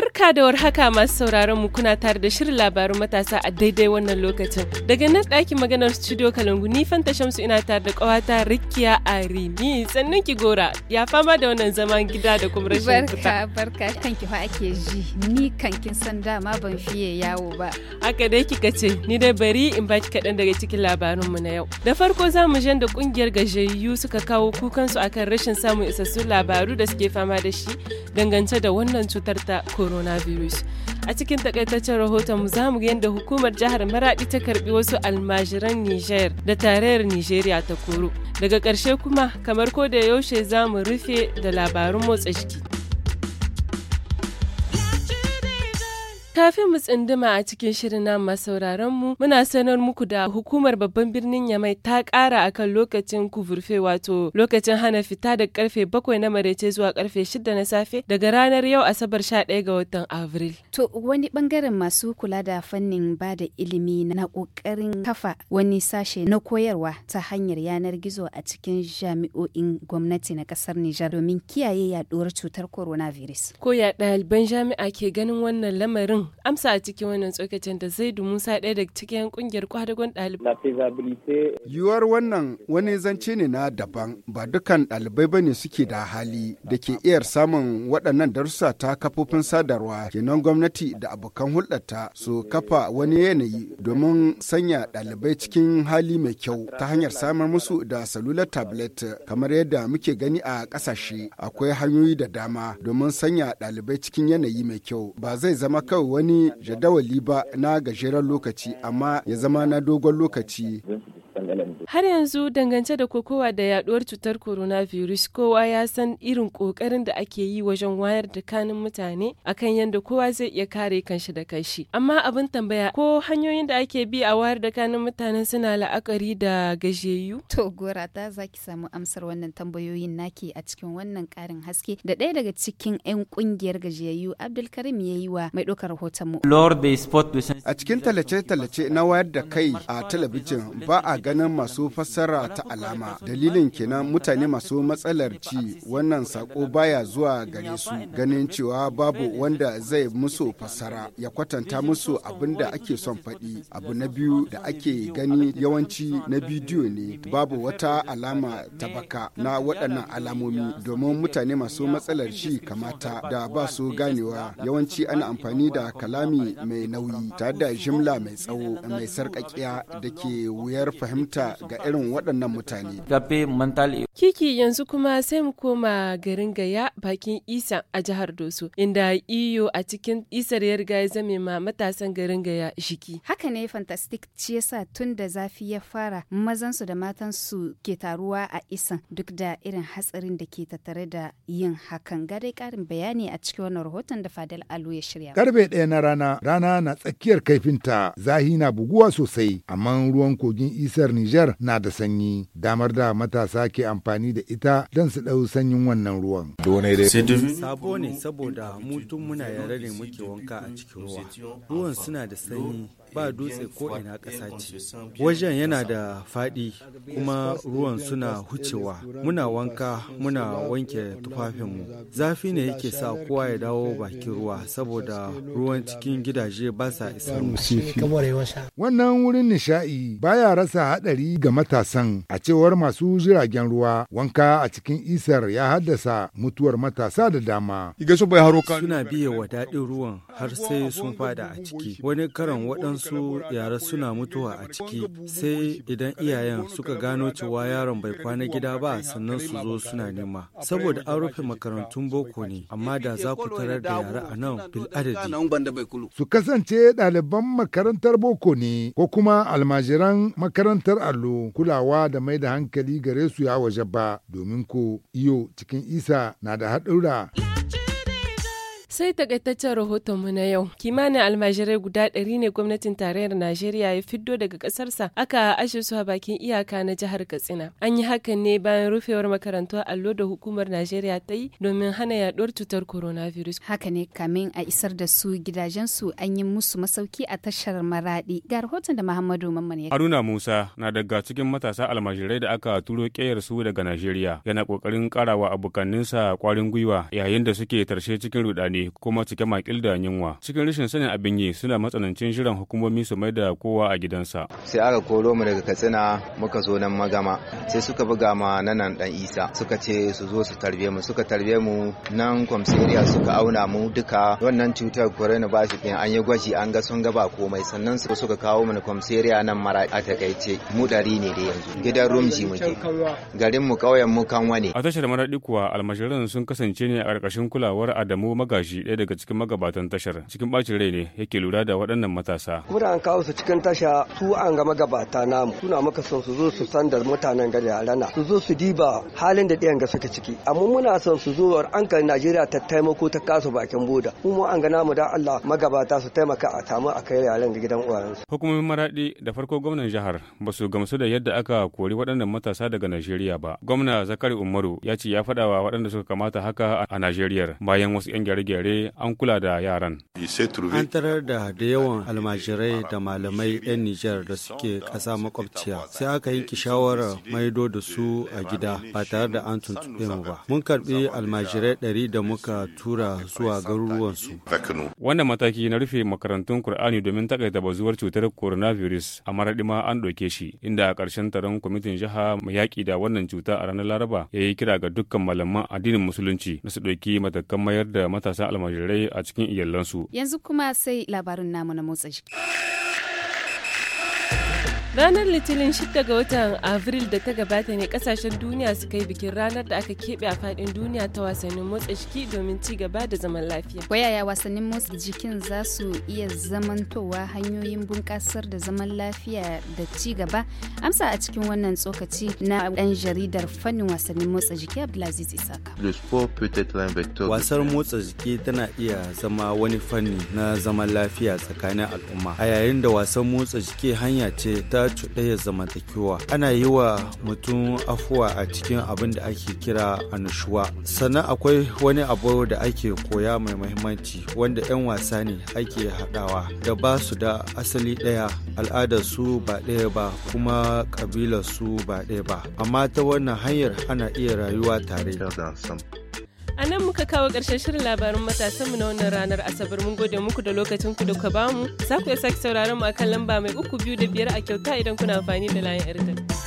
Barka da warhaka masu sauraron mu kuna tare da shirin labarun matasa a daidai wannan lokacin. Daga nan ɗakin maganar studio Kalangu ni Fanta Shamsu ina tare da ƙawata Rikiya Arimi sannan ki gora ya fama da wannan zaman gida da kuma rashin Barka barka kan ki fa ake ji ni kan kin san dama ban fiye yawo ba. Haka dai kika ce ni dai bari in baki kaɗan daga cikin labarun mu na yau. Da farko za mu jan da ƙungiyar gajiyayyu suka kawo kukansu akan rashin samun isassun labaru da suke fama da shi dangance da wannan cutar ta coronavirus. A cikin takaitaccen rahoton mu za mu yadda hukumar jihar Maradi ta karbi wasu almajiran Niger da tarayyar Nijeriya ta koro. Daga ƙarshe kuma kamar ko da yaushe za mu rufe da labarun motsa jiki. Kafin mu tsinduma a cikin shirin nan masauraran mu muna sanar muku da hukumar babban birnin Yamai ta ƙara akan lokacin kuburfe, wato lokacin hana fita da karfe bakwai na maraice zuwa karfe shida na safe daga ranar yau Asabar ɗaya ga watan Avril. To wani bangaren masu kula da fannin ba da ilimi na ƙoƙarin kafa wani sashe na koyarwa ta hanyar yanar gizo a cikin jami'o'in gwamnati na ƙasar Nijar domin kiyaye yaduwar cutar coronavirus. Ko ya ɗaliban jami'a ke ganin wannan lamarin amsa a cikin wannan tsokacin da Zaidu Musa ɗaya daga cikin kungiyar kwadagon ɗalibai. Yiwuwar wannan wani zance ne na daban ba dukan ɗalibai ba ne suke da hali da ke iya samun waɗannan darussa ta kafofin sadarwa kenan gwamnati da abokan hulɗarta su kafa wani yanayi domin sanya ɗalibai cikin hali mai kyau ta hanyar samar musu da salular tablet kamar yadda muke gani a ƙasashe akwai hanyoyi da dama domin sanya ɗalibai cikin yanayi mai kyau ba zai zama kawai wani jadawali ba na gajeren lokaci amma ya zama na dogon lokaci Har yanzu dangance da kokowa da yaduwar cutar virus kowa ya san irin kokarin da ake yi wajen wayar da kanin mutane akan yadda kowa zai iya kare kanshi da kanshi. Amma abin tambaya ko hanyoyin da ake bi a wayar da kanin mutanen suna la'akari da gajeyu? To gora ta za samu amsar wannan tambayoyin naki a cikin wannan karin haske da ɗaya daga cikin 'yan kungiyar gajiyayyu Abdulkarim ya yi wa mai ɗaukar hoton mu. A cikin tallace-tallace na wayar da kai a talabijin ba a ganin masu fassara ta alama dalilin kenan mutane masu matsalar ci wannan sako baya zuwa gare su ganin cewa babu wanda zai musu fassara ya kwatanta musu abin da ake son faɗi abu na biyu da ake gani yawanci na bidiyo ne babu wata alama ta baka na waɗannan alamomi domin mutane masu matsalar ci kamata da ba su ganewa yawanci ana amfani da kalami mai nauyi tare da jimla mai tsawo mai sarƙaƙiya da ke wuyar fahimta fahimta ga irin waɗannan mutane. Kiki yanzu kuma sai mu koma garin Gaya bakin Isa a jihar Doso inda iyo a cikin Isar ya riga ya zame ma matasan garin Gaya shiki. Haka ne fantastic ci yasa tun da zafi ya fara mazan su da matan su ke taruwa a Isan duk da irin hatsarin da ke tattare da yin hakan. Ga dai karin bayani a cikin wannan rahoton da Fadel Alu ya shirya. Garbe ɗaya na rana rana na tsakiyar kaifinta zahi na buguwa sosai amma ruwan kogin Isa ƙasar Nijar na da sanyi, damar da matasa ke amfani da ita don su ɗau sanyin wannan ruwan. Sabo ne saboda mutum muna yare ne muke wanka a cikin ruwa. Ruwan suna da sanyi ba dutse ko ina ƙasa ce wajen yana da faɗi kuma ruwan suna hucewa muna wanka muna wanke tufafinmu zafi ne yake sa kowa ya dawo bakin ruwa saboda ruwan cikin gidaje ba sa isa wannan wurin nishaɗi baya rasa haɗari ga matasan a cewar masu jiragen ruwa wanka a cikin isar ya haddasa mutuwar matasa da dama suna biye wa daɗin ruwan har sai sun fada a ciki wani karan waɗansu wasu yara suna mutuwa a ciki sai idan iyayen suka gano cewa yaron bai kwana gida ba sannan su zo suna nema saboda an rufe makarantun boko ne amma da za ku tarar da yara a nan bil adadi su kasance ɗaliban makarantar boko ne ko kuma almajiran makarantar allo kulawa da mai da hankali gare su ya waje ba domin ko iyo cikin isa na da haɗura. Sai takaitaccen mu na yau, kimanin almajirai guda ɗari ne gwamnatin tarayyar Najeriya ya fiddo daga ƙasarsa aka ashe su a bakin iyaka na jihar Katsina. An yi hakan ne bayan rufewar makarantu allo da hukumar Najeriya ta yi domin hana yaɗuwar cutar coronavirus. Haka ne kamin a isar da su gidajensu an yi musu masauki a tashar Maraɗi. Ga rahoton da Muhammadu Mamman ya. Haruna Musa na daga cikin matasa almajirai da aka turo su daga Najeriya yana ƙoƙarin ƙarawa abokanninsa ƙwarin gwiwa yayin da suke tarshe cikin rudani kuma cike makil da yunwa cikin rashin sanin abin yi suna matsanancin shirin hukumomi su mai da kowa a gidansa sai aka koro mu daga katsina muka zo nan magama sai suka buga ma nanan dan isa suka ce su zo su tarbe mu suka tarbe mu nan kwamsiriya suka auna mu duka wannan cutar ba shi din an yi gwaji an ga sun gaba ba komai sannan su suka kawo mu kwamsiriya nan mara a takaice mu dari ne da yanzu gidan rumji muke garin mu kauyen mu kanwa ne a tashar maradi kuwa almashirin sun kasance ne a ƙarƙashin kulawar Adamu magashi ɗaya daga cikin magabatan tashar cikin bacin rai ne yake lura da waɗannan matasa. Muna an kawo su cikin tasha su an ga magabata namu suna maka son su zo su san da mutanen gari a rana su zo su diba halin da ɗiyan ga suka ciki amma muna son su zo an ka Najeriya ta taimako ta kasu bakin boda mu an ga namu da Allah magabata su taimaka a samu a kai yaran ga gidan su. Hukumomin Maraɗi da farko gwamnan jihar ba su gamsu da yadda aka kori waɗannan matasa daga Najeriya ba. Gwamna Zakari Umaru ya ce ya faɗawa waɗanda suka kamata haka a Najeriya bayan wasu 'yan gyare-gyare dare an kula da yaran. An tarar da da yawan almajirai da malamai 'yan Nijar da suke ƙasa makwabciya. Sai aka yanke shawarar maido da su a gida ba tare da an tuntuɓe mu ba. Mun karɓi almajirai ɗari da muka tura zuwa garuruwansu. Wannan mataki na rufe makarantun Kur'ani domin takaita bazuwar cutar coronavirus a maraɗima an ɗauke shi inda a ƙarshen taron kwamitin jiha mai yaƙi da wannan cuta a ranar Laraba ya yi kira ga dukkan malaman addinin musulunci na su ɗauki matakan mayar da matasa almajirai a cikin iyalansu. Yanzu kuma sai labarin namu na motsa jiki. Ranar Litinin 6 ga watan Afril da ta gabata ne kasashen duniya suka yi bikin ranar da aka keɓe a faɗin duniya ta wasannin motsa jiki domin ci gaba da zaman lafiya. Wayaya wasannin motsa jikin za su iya zamantowa hanyoyin bunƙasar da zaman lafiya da ci gaba? Amsa a cikin wannan tsokaci na ɗan jaridar fannin wasannin motsa jiki Abdulaziz Isaka. Wasar motsa jiki tana iya zama wani fanni na zaman lafiya tsakanin al'umma. A yayin da wasan motsa jiki hanya ce ta ta cuɗaya zamantakewa ana yi wa mutum afuwa a cikin abin da ake kira annushuwa sannan akwai wani abu da ake koya mai mahimmanci wanda 'yan wasa ne ake haɗawa da ba su da asali ɗaya al'adar su ba ɗaya ba kuma ƙabilar su ba ɗaya ba amma ta wannan hanyar ana iya rayuwa tare A nan muka kawo ƙarshen shirin labarin matasanmu na wannan ranar Asabar mun gode muku da lokacin ku da ka bamu. Za ku iya sake sauraron mu akan lamba mai uku biyu da biyar a kyauta idan kuna amfani da layin Airtel.